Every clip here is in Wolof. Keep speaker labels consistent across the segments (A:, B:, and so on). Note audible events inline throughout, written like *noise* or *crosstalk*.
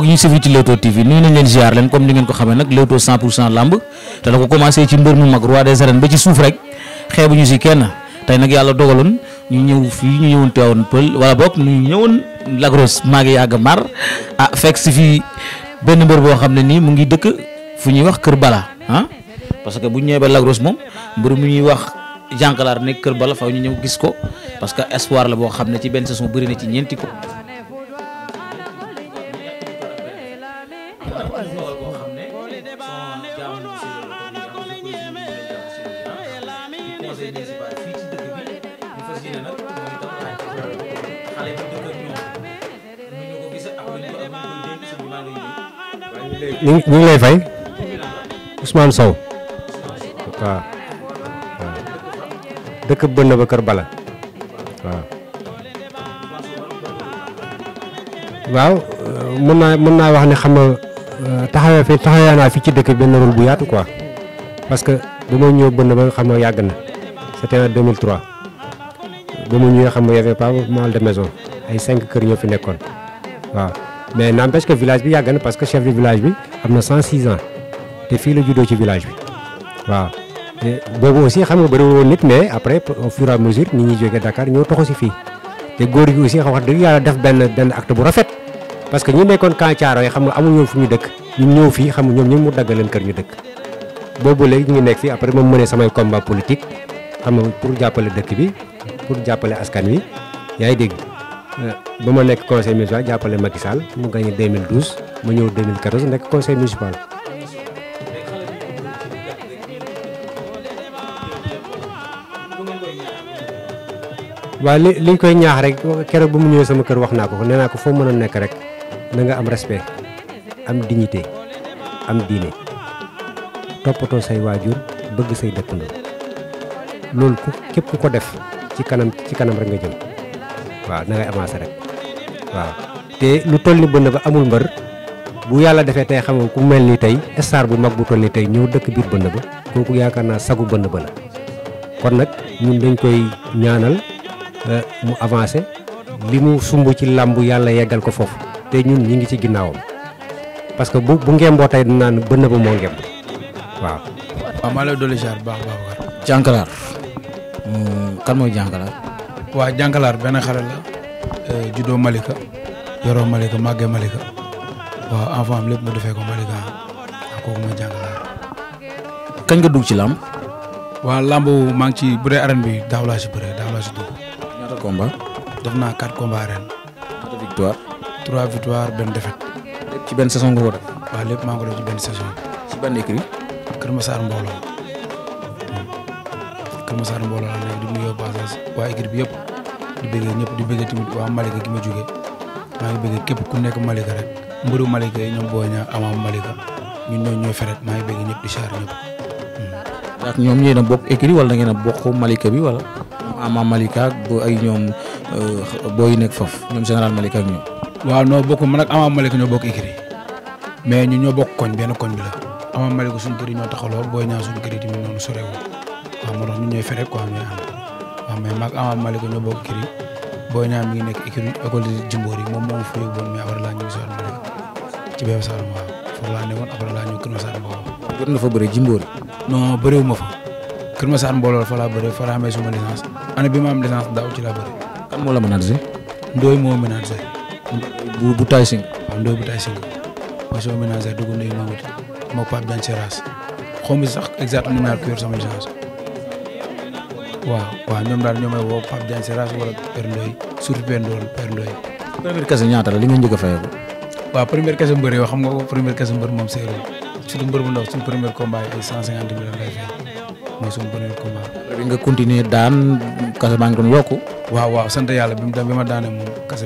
A: bu ñuy sëfi ci Leewtoo TV nuyu nañ leen ziar leen comme ni ngeen ko xamee nag Leewtoo 100 pour cent lamb te la ko commencé ci mbër mu mag roi des arènes ba ci suuf rek xeebu ñu si kenn tey nag yàlla dogaloon ñu ñëw fii ñu ñëwoon teewoon pël wala boog ñu ñëwoon lagros maa ngi yàgg mar a ah, fekk si fi benn mbër boo xam ne nii mu ngi dëkk fu ñuy wax Kër Bala ah parce que bu ñu ñëwee moom mbër mu ñuy wax. jànkalaar nekk kër bala faw ñu ñëw gis ko parce que espoir la boo xam ne ci benn saison bëri na ci ñeenti
B: ñu lay fay Ousmane Sow dëkk bënn ba kër bala waaw waaw mën naa mën naa wax ni xam nga euh, taxawee fi taxawee naa fi ci dëkk benn rôle bu yaatu quoi parce que ba ma ñëw bënn ba xam nga yàgg na c'était en 2003 ba ma ñëwee xam nga y avait pas mal de maison ay cinq kër ñoo fi nekkoon waaw mais n'empêche que village bi yàgg na parce que chef du village bi am na 106 ans te fii la juddoo ci village bi waaw Eh, boobu aussi xam nga bëriwul woon nit mais après au fur et à mesure nit ñi jógee Dakar ñoo toxu fii te góor gi aussi xam wax def benn benn acte bu rafet parce que ñu nekkoon kancaaro yi xam nga amul ñoom fu ñu dëkk ñu ñëw fii xam nga ñoom ñoom mu daggal leen kër ñu dëkk boobu léegi ñu ngi nekk fii après moom mënee samay combat politique xam nga pour jàppale dëkk bi pour jàppale askan wi yaa ngi dégg eh, ba ma nekk conseil municipal jàppale Macky Sall mu gagné ma ñëw 2014 nekk conseil waaye li liñ koy ñaax rek keroog ba mu ñëwee sama kër wax naa ko nee naa ko foo mën a nekk rek na nga am respect am dignité am diine toppatoo say waajur bëgg say dëkkandoo loolu ku képp ku ko def ci kanam ci kanam rek nga jëm waaw na ngay avancer rek waaw te lu toll ni bënn ba amul mbër bu yàlla defee tey xam nga ku mel ni tey star bu mag bu toll ni tey ñëw dëkk biir bënn ba kooku yaakaar naa sagu bënn ba la kon nag ñun dañ koy ñaanal mu avancé li mu sumb ci làmb yàlla yeggal ko foofu te ñun ñu ngi ci ginnaawam parce que bu bu ngemboo tey naan bënn ba moo ngemb waaw.
C: waaw maa lay dolli jaar bu baax baax baax.
B: jànkalaar hmm, kan mooy jànkalaar.
C: waaw jànkalaar benn xale la. Euh, juddoo Malika
A: defee
C: ko Malika ah
A: kañ nga dugg ci làmb.
C: waaw làmb maa ngi ci bu dee arène bi daaw laa si bëree combats. def naa quatre combats ren. ñaata ci benn saison nga maa ngi ko def ci benn saison.
A: ci ban écrit. Kër
C: Masar Mbooloo. Kër Masar Mbooloo laa nekk di nuyoo passage waa écrit bi yëpp di bëggee ñëpp waa Malika gi ma jógee maa ngi bëggee képp ku nekk Malika rek mbëru Malika yi ñoom boo ñaa amaam Malika ñun ñoo ñooy maa ngi bëggee ñëpp di char ñëpp.
A: ndax ñoom ñoo na bokk écrit wala ngeen a bokk Malika bi wala. ama Malika bu ay ñoom euh, booy nekk foofu ñoom général Malika ak ñoom. waaw noo bokk man ak
C: ama Malika ñoo bokk écrit mais ñu ñoo bokk koñ benn koñ bi la ama Malika ñoo taxaloo booy ñaa suñu kër yi tamit noonu sorewul waaw moo tax ñun ñooy fere quoi ñooy ànd waaw mais bokk écrit booy ñaa mi ngi nekk écrit école de yi moom moom fu ñu bon mais après laa ñëw Général Malika ci benn Saalum waaw foofu
A: na fa bëre Jimboor
C: yi. non fa Kër Masar Mbooloo fa laa bëree fa laa amee suma licence année bi ma am licence daaw ci laa bëri.
A: kan moo la menacé.
C: Ndoye moo menacé.
A: bu bu Taï Singh. waaw Ndoye bu Taï
C: Singh parce que moo menacé dugg Ndoye Mamadi moo Pape Diagne xaw ma sax exactement naa ko yor sama licence waaw waaw ñoom daal ñoo may woo Pape Diagne Seras wala Père Ndoye surtout Père Ndoye
A: Père kese ñaata la li nga njëkk a fayal waaw
C: première kese mbër yoo xam nga ko première kese mbër moom séeréer surtout mbër bu ndaw suñu premier combat ay 150 mille lay fay. mooy suñu premier combat.
A: bi nga continuer daan kase maa ngi doon
C: yokku. waaw waaw sant yàlla bi mu daan bi ma daanee moom kase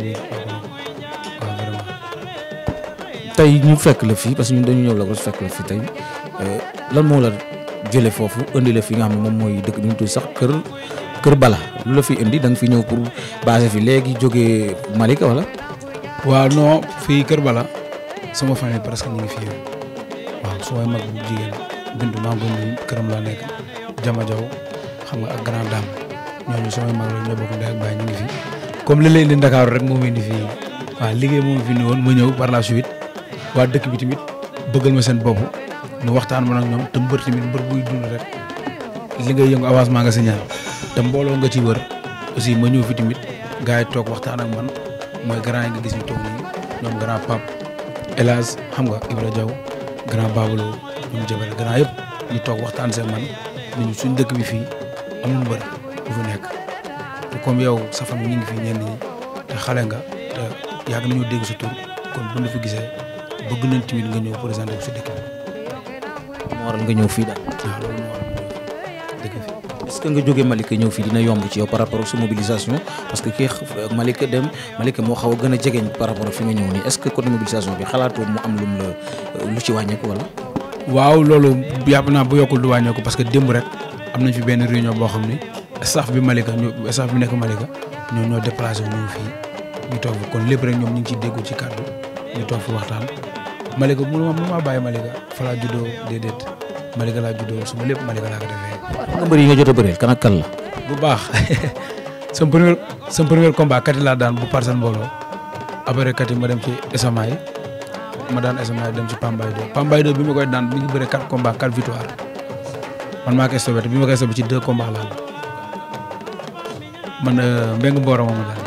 A: tey ñu fekk la fii parce que ñun dañu ñëw la ko fekk la fii tey eh, lan moo la jëlee foofu indi la fi nga xam ne moom mooy dëkk bi ñu tudd sax kër kër Bala lu la fi indi da nga fi ñëw pour basé fi léegi jógee Malika wala. waaw non fii
C: kër Bala sama famille presque ñu ngi fi waaw su may mag bu jigéen bindu maa ngi këram laa nekk. Jama Jaw xam nga ak Grand Dame ñooñu samay mag la ñoo bokk ndey ak baay ñu ngi fi comme li lay Ndakaaru rek moom indi fii waaw liggéey moom fi ni woon ma ñëw par la suite waa dëkk bi tamit bëggal ma seen bopp nu waxtaan ma nag ñoom te mbër tamit mbër buy dund rek li ngay yëngu avancement nga signal te mbooloo nga ci wër aussi ma ñëw fi tamit gars yi toog waxtaan ak man mooy grand yi nga gis ñu toog nii ñoom grand pap Elage xam nga Ibra Diaw grand baabuloo ñoom jabel grand yëpp ñu toog waxtaan seen man nañu suñ dëkk bi fii am na lu bëri nekk te comme yow sa fan ñu ngi fi ñenn te xale nga te yàgg nañoo dégg sa tur kon bu ñu fi gisee bëgg nañ tamit nga ñëw présenté ko dëkk bi.
A: moo waral nga fii daal.
C: waaw loolu moo
A: waral par rapport ak sa mobilisation parce que euh, Malika dem Malika moo xaw a gën a jegeñ par rapport ak fi nga ñëw nii est-ce que côté mobilisation bi xalaatoo mu am lu euh, lu ci wàññeeku wala.
C: waaw loolu yàpp naa bu yokkul du ko parce que démb rek am nañ fi benn réunion boo xam ni staff bi Malika ñu staff bi nekk Malika ñoom ñoo déplacé wu ñu fii ñu toog fi kon lépp rek ñoom ñu ngi ciy déggu ci kàddu ñu toog fu waxtaan Malika mu ma ma bàyyi Malika fa laa juddoo déedéet Malika laa juddoo suma lépp Malika laa ko
A: defee. nga yi nga jot a bëree la.
C: bu baax *laughs* sama premier sama premier combat kati laa daan bu parcelle mbooloo après kati ma dem ci esamaay ma daan SMA dem ci Pambaye 2 Pambaye 2 bi ma koy daan mi ngi bëre 4 combats 4 victoire man maa koy bi ma koy sobet ci 2 combats laa
A: man euh, Mbengue Mboro moomu daal.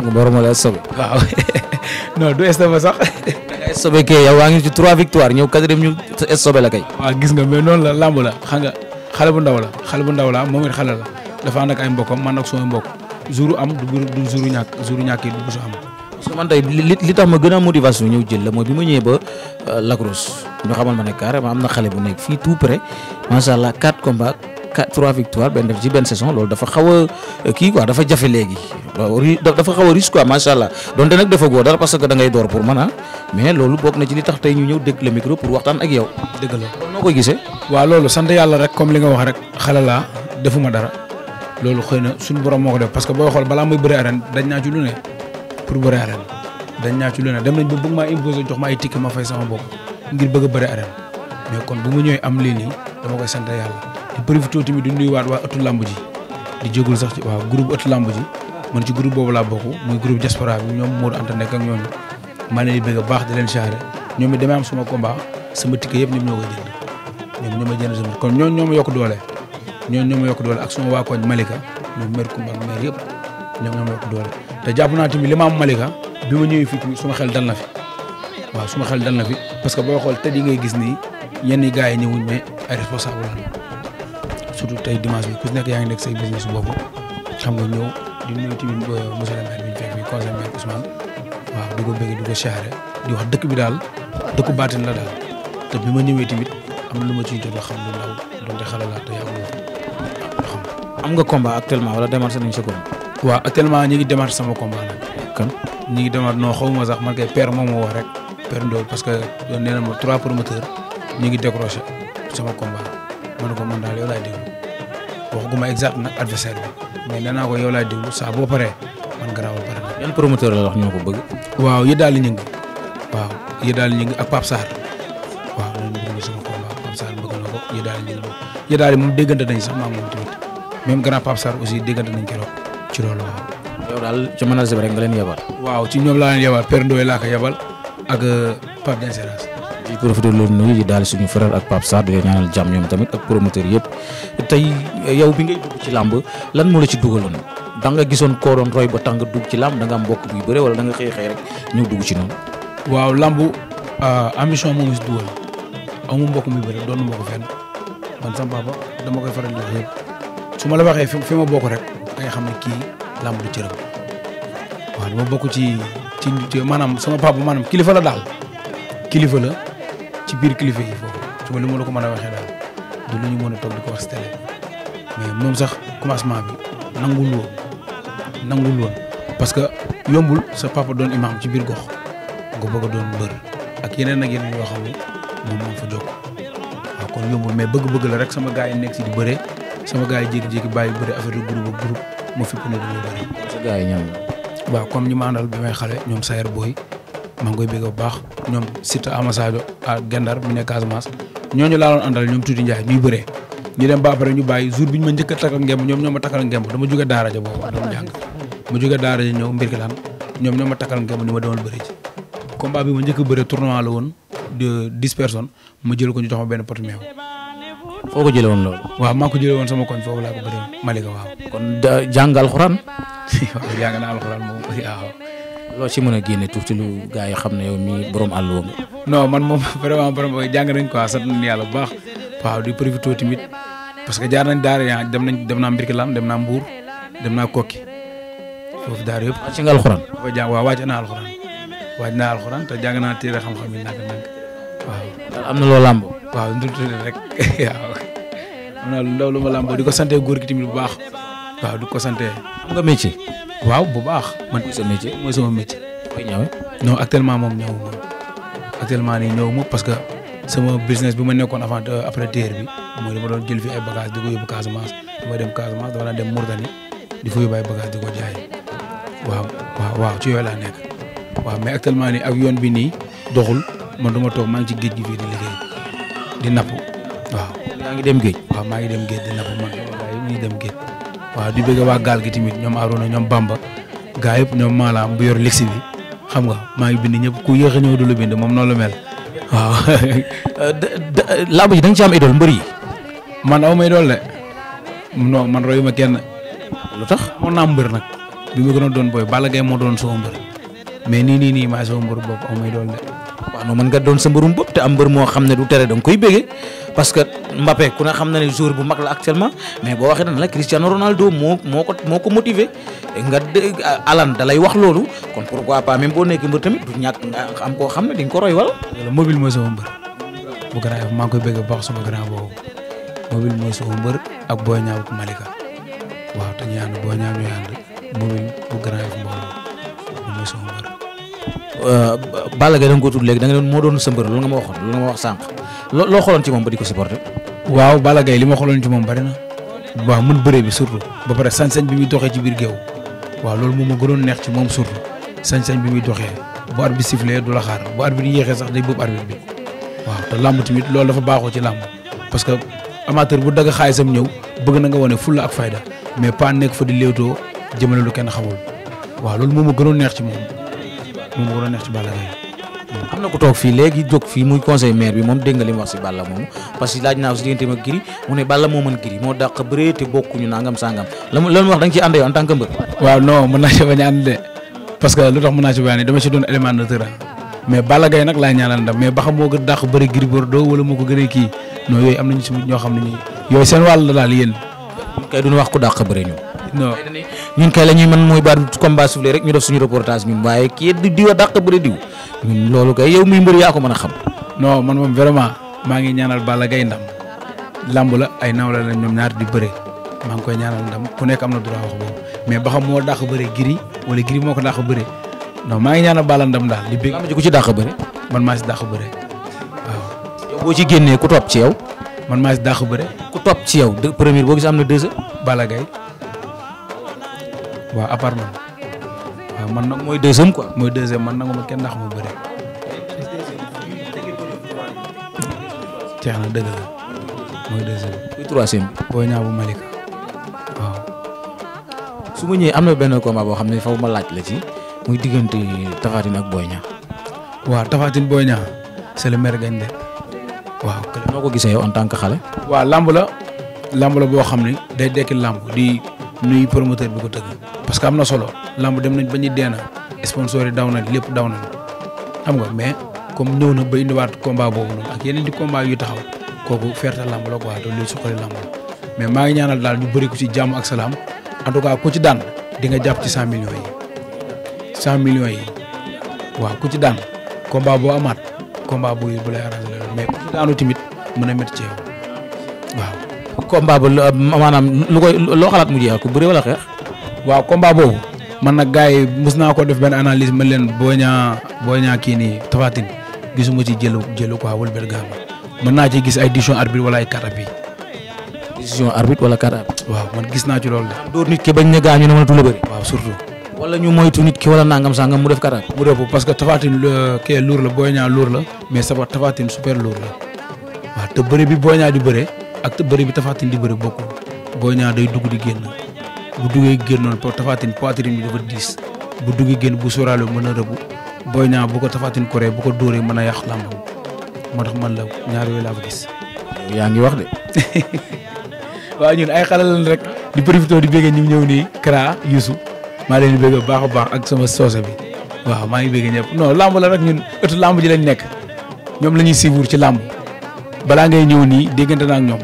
A: Mbengue waaw *laughs* non du sobe sax. da ngay waa ngi ci 3 victoire ñëw quatrième ñu sobe la kay. waaw gis nga mais noonu la
C: lamb la xam nga xale bu ndaw la xale bu ndaw la moom it xale la dafa ànd ay mbokkam man ak suma mbokk jour am du jour ñàkk jour ñàkk yi du bëgg am.
A: parce que man tey li li tax ma gën a motivation ñëw jël la mooy bi ma ñëwee ba euh, Lagros ñu xamal ma ne carrément am na xale bu nekk fii tout près macha allah 4 combats 4 3 victoires benn def loolu dafa xaw euh, kii quoi dafa jafe léegi dafa xaw a risque quoi macha allah donte nag dafa góor dara parce que da ngay door pour man ah mais loolu bokk na ci li tax tey ñu ñëw dégg le micro pour waxtaan ak yow. dëgg la kon noo koy gisee. waaw
C: loolu sant yàlla rek comme li nga wax rek xale laa defuma dara loolu xëy na suñu borom moo ko def parce xool balaa muy bëri arène pour bëre arène dañ naa ci lu ne dem nañ ba bëgg maa imposer jox ma ay ticket ma fay sama bopp ngir bëgg a bëre arène mais kon bu mu ñëwee am lii nii dama koy sant yàlla di profité tamit di nuyuwaat waa ëttu làmb ji di jógul sax ci waa groupe ëttu làmb ji man ci groupe boobu laa bokk muy groupe diaspora bi ñoom Modou Anta nekk ak ñooñu maa leen di bëgg a baax di leen charré ñoom it damay am sama combat sama ticket yëpp ñoom ñoo koy jënd ñoom ñoo ma jënd sama kon ñooñu ñoo ma yokk doole ñooñu ñoo ma yokk doole ak suma waa koñ Malika ñoom mère Koumba ak mère yëpp ñoom ñoo ma yokk doole te jàpp naa ma am Malika bi ma ñëwee fii tamit suma xel dal na fi waaw suma xel dal na fi parce que boo xool te di ngay gis nii yenn gars yi ñëwuñ mais ay responsable la surtout tey dimanche bi ku yaa ngi nekk say business boobu xam nga ñëw di nuyu tamit euh, monsieur le ko bëgg di ko siyaare
A: wax dëkk bi daal dëkku baatin la daal ma ñëwee tamit am na lu ma ciy jot a xam lu ndaw donte xale laa te yàggul xam am nga combat actuellement wala démarche nañ sa
C: waaw actuellement ñi ngi démarre sama combat nag. kan ñi ngi démarre non xaw ma sax man kay père moom moo wax rek. père Ndiour parce que nee na ma trois promoteurs ñi ngi décroché sama combat ma ko man daal yow laay déglu wax gu ma exact nag adversaire bi mais nee naa ko yow laay déglu saa boo paree man garaawul pare na. la wax ñoo ko bëgg. waaw yéen waaw yéen daal di ñëng ak waaw
A: ñooñu bëgg sama combat Pape Sarr
C: bëgg na ko yéen daal di ñëng yéen daal di moom déggante nañ sax maa moom tamit même grand Pape aussi déggante nañ keroog. ci loolu waaw. yow daal ci manager bi rek nga leen yebal. waaw ci ñoom laa leen yebal Père Ndoye laa ko yebal ak euh, Pape Diasérès.
A: di profité loolu nuyu di daal suñu frère ak Pape Sarr di ñaanal jàmm ñoom tamit ak promoteur yëpp tey yow bi ngay dugg ci làmb lan moo la ci dugaloon da nga gisoon koo doon roy ba tax dugg ci làmb danga am mbokk buy bëre wala da nga xëy xëy rek ñëw dugg ci noonu. waaw làmb euh, ambition moom si dugal mbokk muy bëri doon na ma ko fenn
C: man koy faral di su ma la waxee fi ma bokk rek. da nga xam ne kii làmb du cëram waaw ma bokk ci ci maanaam sama papa maanaam kilifa la daal kilifa la ci biir kilifa yi foofu su ma li ma la ko mën a waxee daal du lu ñu mën a toog di ko wax si télé mais moom sax commencement bi nangul woon nangul woon parce que yombul sa papa doon imaam ci biir gox nga bëgg a doon mbër ak yeneen ak yeneen yoo xam ne moom moom fa jokk waaw kon yombul mais bëgg-bëgg la rek sama gars yi nekk si di bëree sama gars yi jékki-jékki bàyyi bëri affaire de groupe groupe ma fipp na duñu bëri sa gars yi ñoom waaw comme ñu maa ngi koy bégg bu baax ñoom site amasadio à ah, gendar mi ne Casamance ñooñu laa doon ñoom tuuti Ndiaye ñuy ñu dem ba ñu bàyyi jour bi ñu ma njëkk a takkal ngemb ñoom ñoo ma takkal ngemb dama jóge daara ja boobu doon jàng ma jóge daara ja ñëw mbir ki ñoom ma takkal ngemb ni ma demal bëri ci combat bi ma njëkk a la woon de dix personnes ma jël ko ñu jox ma benn pot meew
A: foo ko jëlee woon loolu.
C: waaw maa ko jëlee woon sama koñ foofu laa ko bëree Malika waaw. kon da jàng alxuraan. *laughs* waaw jàng naa alxuraan moom waaw.
A: loo ci mën a génne tuuti lu gars yi xam ne yow mii borom àll woon.
C: man moom *laughs* vraiment borom jàng nañ quoi sant nañu yàlla bu baax. waaw di profité tamit parce que jaar nañ daara yaa dem nañ dem naa Mbirkilam dem naa Mbour dem naa Kokki foofu daara yëpp. wàcc nga alxuraan. waaw wàcc naa alxuraan wàcc naa alxuraan te jàng naa téere xam-xam yi naka nag waaw. am na loo làmb. waaw ndul rek *laughs* na ndaw lu ma làmboo di ko sante góor gi tamit bu baax waaw di ko sante am nga métier waaw bu baax man mooy sa métier mooy sama métier koy ñëwee non actuellement moom ñëw ma actuellement nii ñëw ma parce que sama business bi ma nekkoon avant euh, après terre bi mooy dama doon jël fi ay bagage di ko yóbbu Casamance ma dem Casamance dama daan dem Mourtani di fa yóbbu ay bagage di ko jaay waaw waaw waaw ci yooyu laa nekk waaw mais actuellement nii ak yoon bi nii doxul man duma toog maa ngi ci géej gi fii di liggéey di napp waaw daa ngi dem géej waaw maa ngi dem géej dina ko man gaa yi dem géej waaw di bëgg waa gaal gi tamit ñoom Arona ñoom Bamba gaa yëpp ñoom maalaam bu yor ligsi bi xam nga maa ngi bind ñëpp ku yéex a ñëw du la bind moom noonu la mel waaw *laughs* làmb ji da ci am idole mbër yi man aw may dool de non man royu ma kenn lu tax moo naam mbër nag bi ma gën a doon booy Balla Gaye moo doon soo mbër mais nii nii nii maay sama mbëru bopp aw may dool de
A: waaw non mën nga doon sa mbërum bopp te am mbër moo xam ne du tere da koy béggee parce que Mbappé ku ne xam na ne joueur bu mag la actuellement mais boo waxee dana la Cristiano Ronaldo moo moo ko moo ko motivé nga alan da lay wax loolu kon pourquoi pas même boo nekkee mbër tamit du ñàkk nga am koo xam ne di nga ko roy wala.
C: wala mobile mooy bu grand maa ngi koy bégg bu baax sama grand boobu mobile mooy sama ak Boy Niang ak Malika waaw te ñu ànd Boy Niang
A: Euh, Balla Gaye da ko tudd léegi da nga doon moo doon sa mbër loolu nga ma waxoon loolu nga ma wax sànq loo xooloon ci moom ba di ko supporter. waaw
C: Balla li ma xooloon ci moom bari na. waaw mën bëree bi surtout ba pare
A: sañ-sañ bi muy doxee ci biir géew
C: waaw loolu moom ma gënoon neex ci moom surtout sañ bi muy doxee bu arbitre bi sifflee du la xaar bu arbitre bi yéexee sax day bëgg arbitre bi waaw te làmb tamit loolu dafa baaxoo ci làmb parce que amateur bu dagg xaalisam ñëw bëgg na nga wane fulla ak fayda mais pas nekk fa di léewtoo jëmale
A: lu kenn xamul waaw loolu moom ma gënoon neex ci moom. moom moo gën a neex ci Balla Gaye. am na ku toog fii léegi jóg fii muy conseil maire bi moom dégg nga li mu wax si Balla moomu parce que laaj naa ko si diggante ma Gris mu ne Balla moo mën Gris moo dàq bëree te bokkuñu nangam sangam lan lan wax da nga ciy ànd yow en tant que mbër. waaw non mën a ànd de parce que si a dama si doon élément de terrain mais
C: Balla Gaye nag laa ñaanal ndam mais ba xam moo gën dàq bëri Bordeaux wala moo ko gënee kii non yooyu am nañu si ñoo xam
A: ne ñii yooyu seen wàll wax ku dàq bëri ñun kay la ñuy mën mooy baat combat soufflé rek ñu def suñu reportage ñun waaye kii diw a dàq bëri diw ñun loolu kay yow muy mbër yaa ko mën a xam.
C: non man moom vraiment maa ngi ñaanal Balla Gaye lamb la ay nawla la ñoom ñaar di bëre maa ngi koy ñaanal ndam ku nekk am na droit mais ba xam moo dàq bëre giri wala giri moo ko dàq bëre no maa ngi ñaanal Balla ndam daal. li bëgg am ci ku ci dàq bëre.
A: man maa si dàq bëre waaw. yow ci génnee ku top ci yow. man maa si dàq bëre. ku topp ci yow deux première boo gis am na deux heures. Balla Gaye
C: waaw à part man man nag mooy deuxième quoi mooy deuxième man nanguma kenn ndax ma bëre. jeex na dëgg mooy
A: deuxième. mooy troisième. boo ñaaw bu Malika su ma ñëwee am na benn combat boo xam ne faw ma laaj la ci muy diggante Tapha Tine ak Boy Niang.
C: waaw Tapha Tine Boy Niang c'est le maire gañ de
A: ko gisee yow en tant que xale.
C: waaw lamb la lamb la boo xam ne day dekki lamb di nuyu promoteur bi ko tëgg. parce que am na solo lamb dem nañ ba ñu dee na sponsor daw na lépp daw na xam nga mais comme ñëw na ba indiwaat combat boobu noonu ak yeneen di combat yu taxaw kooku ferta la quoi te luy suqali mais maa ngi ñaanal daal ñu bëri ko ci jàmm ak salaam en tout cas ku daan di nga jàpp ci cent millions yi cent millions yi waaw ku ci daan combat boo amaat combat bu bu lay arrangé mais ku ci daanu tamit a métti ci yow waaw. combat ba loo xalaat mu jeexal ku bëri wala xeex. waaw combat boobu mën na gars yi mos naa ko def benn analise man leen boo ñaa boo ñaa kii nii Tapha Tine gisuma ci jëlu jëlu quoi wala benn gàmm mën naa ci gis ay décision arbitre wala ay carte bi
A: décision arbitre wala carte
C: waaw man gis naa ci loolu de. dóor nit ki bañ ne gaañu na mënatul a bëri. waaw surtout. wala ñu mooy tu nit ki wala nangam sangam mu def carte. mu def parce que Tapha Tine kee lourd la Boy Niang lourd la mais sabar Tapha Tine super lourd la waaw te bëri bi Boy Niang di bëre ak bëri bi Tapha Tine di bëre bokkul Boy Niang day dugg di génn. bu duggee génnoon pour tafaatin poitrine bi dafa diis bu duggee génn bu sóoraale mën a rëbb booy ñaa bu ko tafaatin koree bu ko dóoree mën a yàq làmbam moo tax man la ñaar yooyu laa fa gis. yaa ngi wax de. *laughs* waaw ñun ay xale lañ rek. di profité di bëggee ñu ñëw nii Kara Youssou maa leen di bëgg baax a baax ak sama soose bi waa maa ngi bëgg ñëpp non làmb la rek ñun ëttu làmb ji lañ nekk ñoom la ñuy siiwur ci làmb balaa ngay ñëw nii déggante na ak ñoom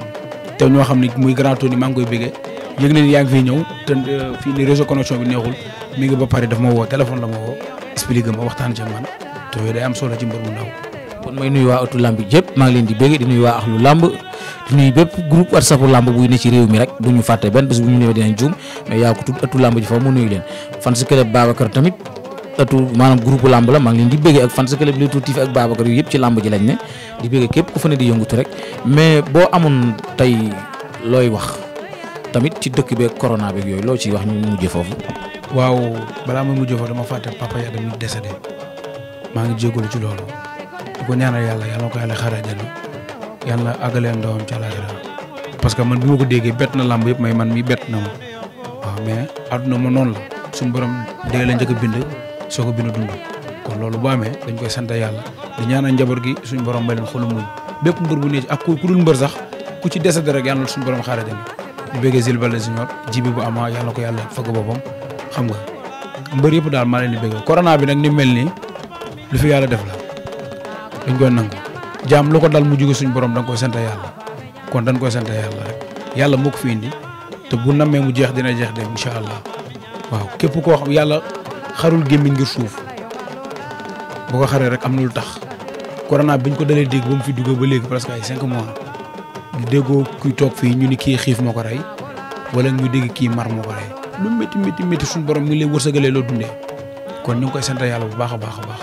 C: te ñoo xam ne muy grand tour ni maa ngi koy bëggee yëg na ni yaa ngi fiy ñëw te euh, fii ni bi neexul mi ngi ma woo téléphone la ma woo expliqué ma solo ci
A: mbër kon may nuyu waa ëttu làmb yëpp maa ngi leen di bëgg di nuyu waa axlu làmb di nuyu bépp groupe whatsapp réew mi rek du ñu fàtte benn bés bu ñu ñëwee dinañ juum mais yaa ko tudd ëttu làmb ji fa mu nuyu leen fan si club Babacar tamit ëttu maanaam groupe la maa ngi leen di bëgg ak fan si club Leewtoo TV yëpp ci làmb ji lañ ne di bëgg képp ku fa ne di yëngutu rek mais boo amoon tey looy wax tamit ci dëkk beeg corona beeg yooyu loo ci wax ñu mujj foofu.
C: waaw balaa ma mujj foofu dama fàtte papa yi dañuy décédé maa ngi jégalu ci loolu di ko ñaanal yàlla yal na ko yàlla xaaral jënd yàlla àggalee parce que man bi ma ko déggee bett na làmb yëpp may man mi bett na ma waaw mais àdduna ma noon la suñu borom dee la njëkk bind soo ko bind dund kon loolu boo amee dañ koy sant yàlla di ñaanal njaboot gi suñu borom may leen xolu muñ bépp mbër bu ne ak ku sax ku ci décédé rek yàlla suñu borom xaaral di bëggee Jules Baldé Junior jibi bu ama yàlla ko yàlla foog boppam xam nga mbër yëpp daal maa leen di bëggee corona bi nag ni mel nii lu fi yàlla def la dañ koy nangu jaam lu ko dal mu jóge suñu borom da nga koy sant yàlla kon dañ koy sant yàlla rek yàlla moo fi indi te bu nammee mu jeex dina jeex de incha allah waaw képp koo xam yàlla xarul gémmiñ ngir suuf bu ko xaree rek am nu lu tax corona ñu ko dalee dégg ba mu fi duggee ba léegi déggoo kuy toog fii ñu ni kii xiif moo ko rey wala ñu dégg kii mar moo ko rey lu métti métti suñu borom mi ngi leen wërsëgalee loo dundee kon ñu ngi koy sant yàlla bu baax a baax a baax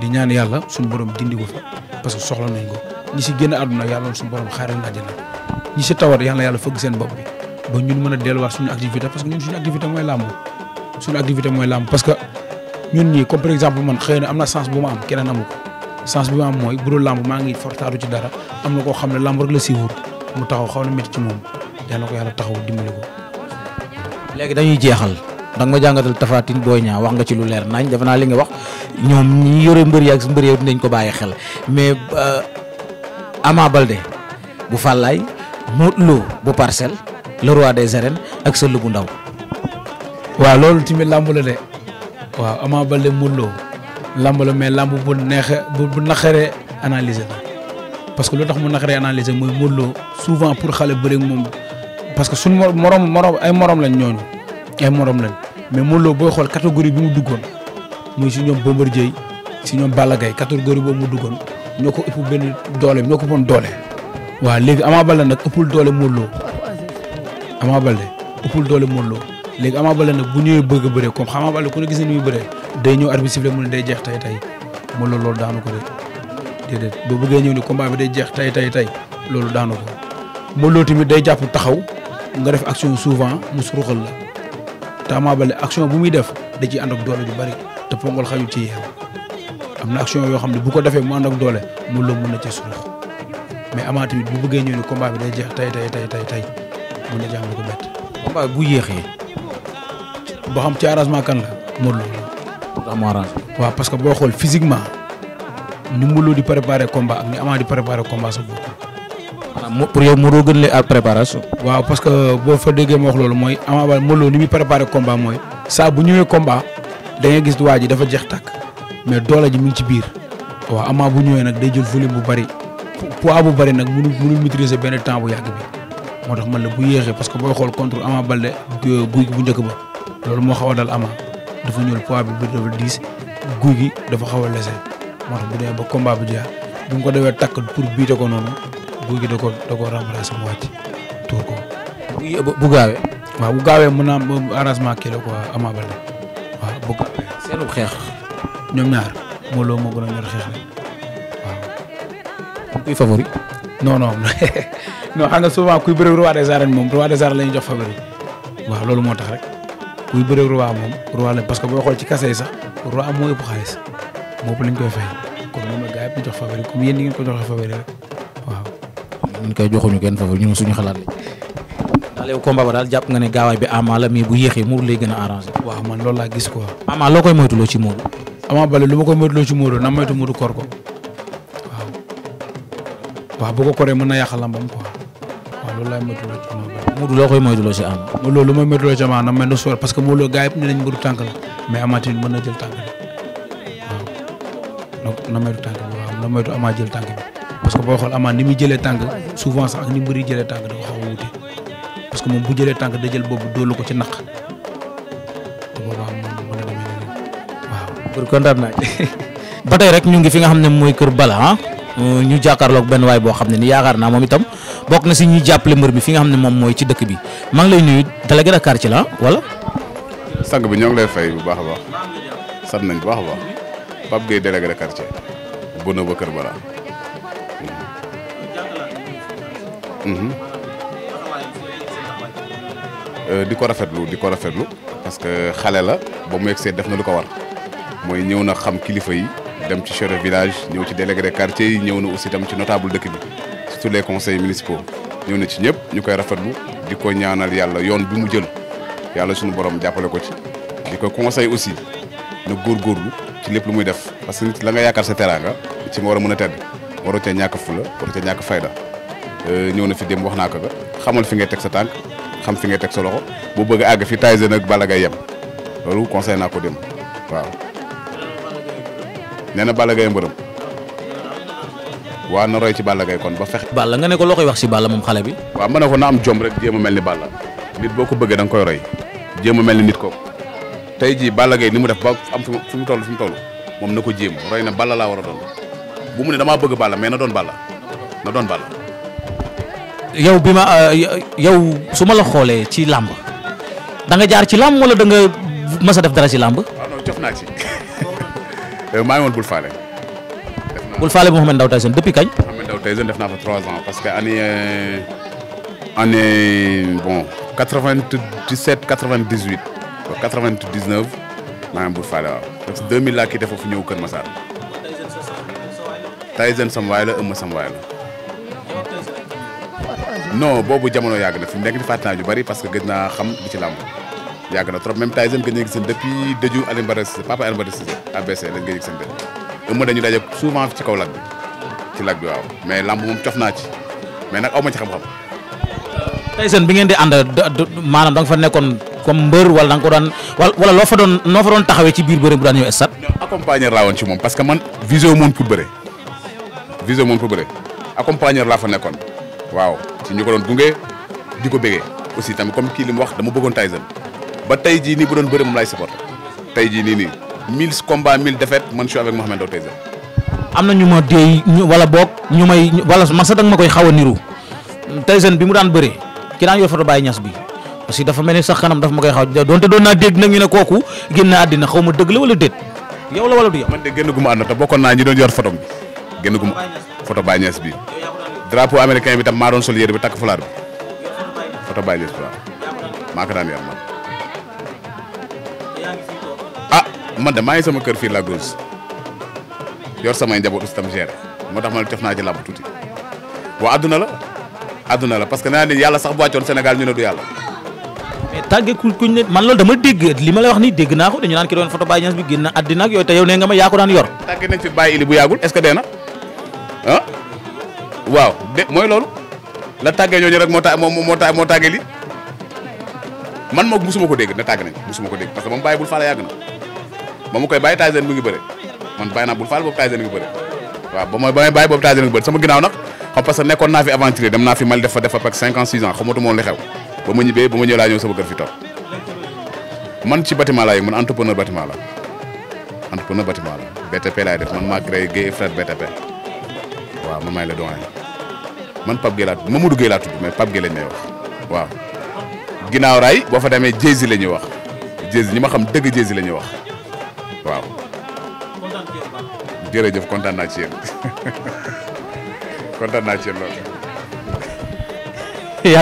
C: di ñaan yàlla suñu borom dindi ko fa parce que soxla nañ ko ñi si génn àdduna yàlla suñu borom xaaral na àjjana ñi si tawat yàlla yàlla fëgg seen bopp ba ñun mën a delluwaat suñu activité parce que ñun suñu activité mooy làmb suñu activité mooy làmb parce que ñun ñii comme par exemple man xëy am na sens bu mu am keneen amu ko sens bi ma am mooy bu dul làmb maa ngi fortaatu ci dara am na koo xam ne lamb rek la siiwul mu taxaw xaw
A: na métti ci moom yal na ko yàlla taxaw dimbali ko. léegi dañuy jeexal danga ma jàngatal tafaatin booy ñaa wax nga ci lu leer nañ defe naa li nga wax ñoom ñi yore mbër yi ak mbër yi dinañ ko bàyyi xel mais euh, Ama Baldé bu Fallaye Modou des arènes ak Sëll bu ndaw. waa loolu
C: tamit làmb la de waaw Ama Baldé Modou Lo la mais làmb bu neexe bu naqaree analyser la parce que lu tax mu naqaree analyser mooy Modou Lo souvent pour xale bëri moom parce que suñ morom morom ay morom lañ ñooñu ay morom lañ mais Modou boo booy xool catégorie bi mu duggoon muy si ñoom Bombardier si ñoom Balla Gaye catégorie boobu mu duggoon ñoo ko ëpp benn doole ñoo ko bon doole. waaw léegi Ama Baldé nag ëppul doole Modou Lo Ama doole Modou Lo léegi Ama Baldé nag bu ñëwee bëgg a bëree comme xam Ama ku ne gis na ni muy bëree day ñëw arbitre sifflé mu ne day jeex tey tay Modou Lo loolu daanu ko de. déedéet boo bëggee ñëw ni combat bi day jeex tay tay tay loolu daanu ko Modou tamit day jàpp taxaw nga def action souvent mu suruxal la te Ama Baldé action bu muy def da ci ànd ak doole ju bari te pongal xaju ci yéen am na action yoo xam ne bu ko defee mu ànd ak doole Modou Lo mun na ci surux mais Ama tamit bu bëggee ñëw ni combat bi day jeex tay tay tay tay tay mun na bu ko bett. combat bu yéexee. boo xam ci arrangement kan la Modou Lo. pour parce que boo ni Modou Lo di préparer combat ak ni Ama di préparer combat sa bopp. maanaam pour yow Modou gën leen
A: ak préparation.
C: waaw parce que boo fa déggee moo wax loolu mooy Ama Baldé Modou Lo ni muy préparer mooy. saa bu ñëwee combat da gis waa ji dafa jeex tàkk mais doole ji mu ngi ci biir waaw bu ñëwee nag day jël volume bu bari poids bu bari nag mënu mënu maîtriser benn temps bu yàgg bi moo tax man la bu yéexee parce que booy xool contre Ama Baldé guy bu njëkk ba loolu moo xaw a dal Ama dafa ñëw poids bi dafa diis guy gi dafa xaw a lese moo tax bu demee ba combat bu jeex bu mu ko defee takk pour biite ko noonu guy gi da ko da koo remplacé mu wàcc bu gaawee. waaw bu gaawee mën naa am arrangement kii la quoi Ama Baldé waaw bu gaawee. seenu xeex. ñoom ñaar moo loo moo gën a ñor xeex la
A: waaw.
C: kuy *laughs* kuy bëre roi des arènes moom roi des arènes la ñuy jox favori waa loolu moo tax rek kuy bëre roi moom roi la parce que boo xool ci kase sax roi moo ëpp xaalis. boobu lañ koy fay kon moom la gars yi jox favori comme yéen di ngeen ko jox favori rek waaw.
A: ñun kay joxuñu kenn favori ñun suñu xalaat lañ. ndax léegi combat ba daal jàpp nga ne gaawaay bi Ama la mais bu yéexee Modou lay gën a arrangé. waaw man loolu laa gis quoi. Ama loo koy moytuloo ci Modou.
C: Ama Baldé lu ma koy moytuloo ci Modou na moytu Modou kor ko waaw waaw bu ko koree mën na yàq lambam quoi waaw
A: loolu laay moytuloo ci Ama Baldé. Modou loo koy moytuloo ci Ama.
C: loolu lu may moytuloo ci Ama na mel ne parce que Modou gars yëpp ne nañ Modou tànk la mais Ama tamit mën na jël tànk la na moytu tànk bi waaw na moytu Ama jël tànk bi parce que boo xool Ama ni muy jëlee tànk souvent sax ak ni mbëri jëlee tànk da
A: xaw a parce que moom bu jëlee tànk da jël boobu doolu ko ci naq te boobaa pour kontaan naa *laughs* ba tey rek ñu ngi fi nga xam ne mooy kër Balla ah euh, ñu jàkkaarloog benn waay boo xam ne ni yaakaar naa moom itam bokk na si ñuy jàppale mbër mi fi nga xam ne moom mooy ci dëkk bi maa ngi lay nuyu délégué de quartier la wala.
D: sang bi ñoo ngi lay fay bu baax a baax sant nañ bu baax a Pape Gueye délégué de quartier Bono ba Kër Bala. Mhm. Euh, di ko rafetlu di ko rafetlu parce que xale la ba mu yegsee def na lu ko war mooy ñëw na xam kilifa yi dem ci chef village ñëw ci délégué de quartier yi ñëw na aussi tam ci notable dëkk bi surtout les conseils municipaux ñëw na ci ñëpp ñu koy rafetlu di ko ñaanal yàlla yoon bi mu jël yàlla suñu borom jàppale ko ci di ko conseil aussi na góorgóorlu. lépp lu muy def parce que nit la nga yaakaar sa teraanga ci nga war a mën a tedd waroo ca ñàkk fula waroo ca ñàkk fayda euh, ñëw na fi dem wax naa ko ga xamal fi nga teg sa tànk xam fi ngay teg sa loxo boo bëggee a àgg fi Tyson ak Balla Gaye yem loolu conseil naa ko dem waaw nee na Balla Gaye mbërëm waa na roy ci Balla Gaye kon ba fex bala nga ne ko loo koy wax si bala moom xale bi waa ma ne ko na am jom rek jéem a mel ni bala nit boo ko bëggee danga nga koy roy jéem a mel ni nit ko tey jii Balla Gaye ni mu def ba am fi mu toll fi mu moom na ko jéem roy na Balla war a doon bu mu ne damaa bëgg Balla mais na doon Balla doon Balla.
A: yow bi ma yow su ma la xoolee ci làmb da nga jaar ci làmb wala da nga mës def dara ci làmb. waaw
D: ah non cof naa ci *laughs* maa ngi woon Bul Faale. Bul Faale
A: Mouhamed Ndao Tyson depuis kañ.
D: Mouhamed Ndao Tyson def naa fa 3 ans parce que année année bon 97 99 maa ngi am waaw que 2000 laa quitté foofu ñëw Kër Massar. Tyson sama waay la ëmma sama waay la. non boobu jamono yàgg na fi mu nekk nii fàttali bari parce que gëj naa xam di ci làmb yàgg na trop même Tyson gëj nañu gis seen depuis dëju Alioune Badara Cissé papa Alioune Badara Cissé ABC lañ gëj a gis seen dëj. ëmma dañu daje souvent ci kaw lag bi ci lag bi waaw mais làmb moom cof naa ci mais nag aw ma ci xam-xam.
A: Tyson bi ngeen di ànd maanaam da fa nekkoon. comme mbër wala da ko daan wala loo
D: fa doon noo fa doon taxawee ci biir bëre bu daan ñëw stade. accompagner laa woon ci moom parce que man visé wu moon pour bëre visé wu pour bëre accompagner laa fa nekkoon waaw ci ñu ko doon gunge di ko bégee aussi tamit comme kii li mu wax dama bëggoon Tyson ba tey jii nii bu doon bëre moom laay supporté jii nii nii mille combats mille défaites man je suis avec Mouhamed Ndao Tyson. am na
A: ñu ma dee wala boog ñu may wala man sax danga ma koy xaw a niru Tyson bi mu daan bëre ki daan yor foto Baye Niass bi. parce que dafa mel ni sax kanam dafa ma koy xaw donte doon naa dégg nag ñu ne kooku
D: génn àddina xaw ma dëgg la wala déet yow la wala du yow. man de génn gu ma ànd te bi bi drapeau américain tam maa doon sol yére bi takk fulaar bi photo Baye Niass bi maa ko daan yor man. ah man de maa ngi sama kër fii la gos yor samay njaboot aussi tam géré moo tax ma cof naa ci làmb tuuti waa la adduna la parce que nee naa ne yàlla sax bu wàccoon Sénégal ñu ne du yàlla.
A: mais tàgge ku kuñ ne man loolu dama dégg li ma la wax nii dégg naa ko dañu naan ki doon photo Baye Niass bi génn àddina yooyu te yow nee nga ma yaa daan yor. tàgge nañ fi Baye Ili bu yàggul est-ce que dee na
D: ah? waaw de mooy loolu la tàggee ñooñu rek moo ta moo tàggee li man moom mosuma ko tàgg nañ mosuma ko dégg parce que moom Baye bul faale yàgg na ba koy bàyyi taaseen ngi bëre man bàyyi naa bul faale boobu taaseen ngi bëre waaw ba ma ba boobu taaseen ngi bëre sama ginnaaw nag xam parce nekkoon naa fi aventurier dem naa fi Mali def fa def fa cinq ans six ans ba ma ñibbee ba ma ñëw laa ñëw sama kër fi toog man ci bâtiment laa yëg man entrepreneur bâtiment la entrepreneur bâtiment la BTP laay def man maa créé Guèye frère BTP waaw man maay la doon man Pape Guèye laa tudd Mamadou Guèye laa tudd mais pab Guèye lañ may wax waaw. ginnaaw raay boo fa demee Jési la ñuy wax Jési ñi ma xam dëgg Jési la ñuy wax waaw. jërëjëf kontaan naa ci *laughs*
B: loolu. *laughs*